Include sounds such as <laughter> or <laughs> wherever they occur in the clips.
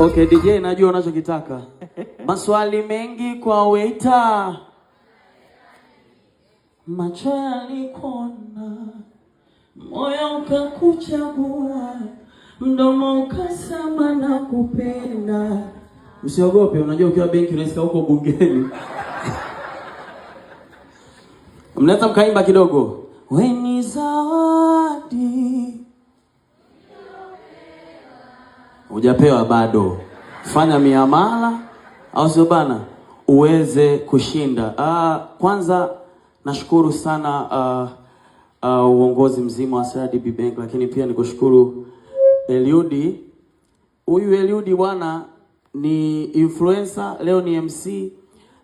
Okay, DJ najua unachokitaka. <laughs> Maswali mengi kwa waiter. Macho yalikuona, moyo ukakuchagua, mdomo ukasema na kupenda. Usiogope, unajua ukiwa benki unaisika huko bungeni. <laughs> Mnaweza mkaimba kidogo. Weni zawadi hujapewa bado, fanya miamala, au sio bana, uweze kushinda. Uh, kwanza nashukuru sana uh, uh, uongozi mzima wa CRDB Bank, lakini pia nikushukuru Eliudi. Huyu Eliudi bwana ni influencer, leo ni MC,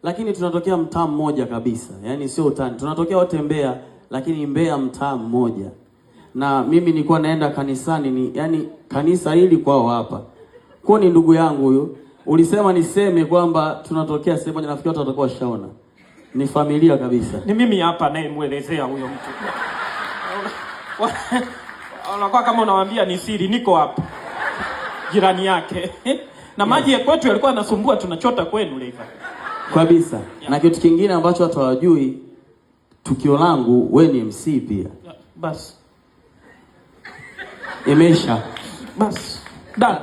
lakini tunatokea mtaa mmoja kabisa, yaani sio utani, tunatokea wote Mbeya, lakini Mbeya mtaa mmoja na mimi nilikuwa naenda kanisani ni, yani kanisa hili kwao hapa kwa ni ndugu yangu huyu. Ulisema niseme kwamba tunatokea sehemu moja, nafikiri watu watakuwa washaona ni familia kabisa. Ni mimi hapa naye nayemwelezea huyo mtu unakuwa kama unawaambia ni siri, niko hapa jirani yake na maji yeah. Kwetu yalikuwa yanasumbua, tunachota kwenu leva kabisa yeah. Na kitu kingine ambacho watu hawajui, tukio langu, we ni MC pia yeah. Basi imeisha bas done.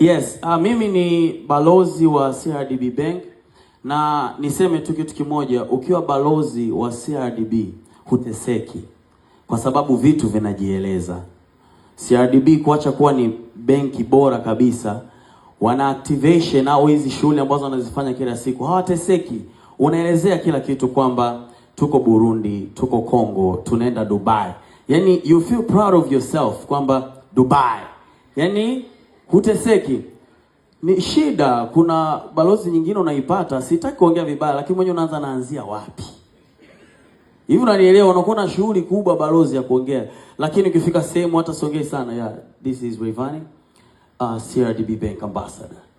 Yes, uh, mimi ni balozi wa CRDB Bank na niseme tu kitu kimoja, ukiwa balozi wa CRDB huteseki kwa sababu vitu vinajieleza. CRDB kuacha kuwa ni benki bora kabisa, wana activation au hizi shughuli ambazo wanazifanya kila siku hawateseki. Unaelezea kila kitu kwamba tuko Burundi, tuko Kongo, tunaenda Dubai yani you feel proud of yourself kwamba Dubai, yani huteseki. Ni shida, kuna balozi nyingine unaipata, sitaki kuongea vibaya, lakini mwenyewe unaanza naanzia wapi hivi, unanielewa? Unakuwa na shughuli kubwa balozi ya kuongea, lakini ukifika sehemu hata siongei sana. Yeah, this is Rayvanny, uh, CRDB Bank Ambassador.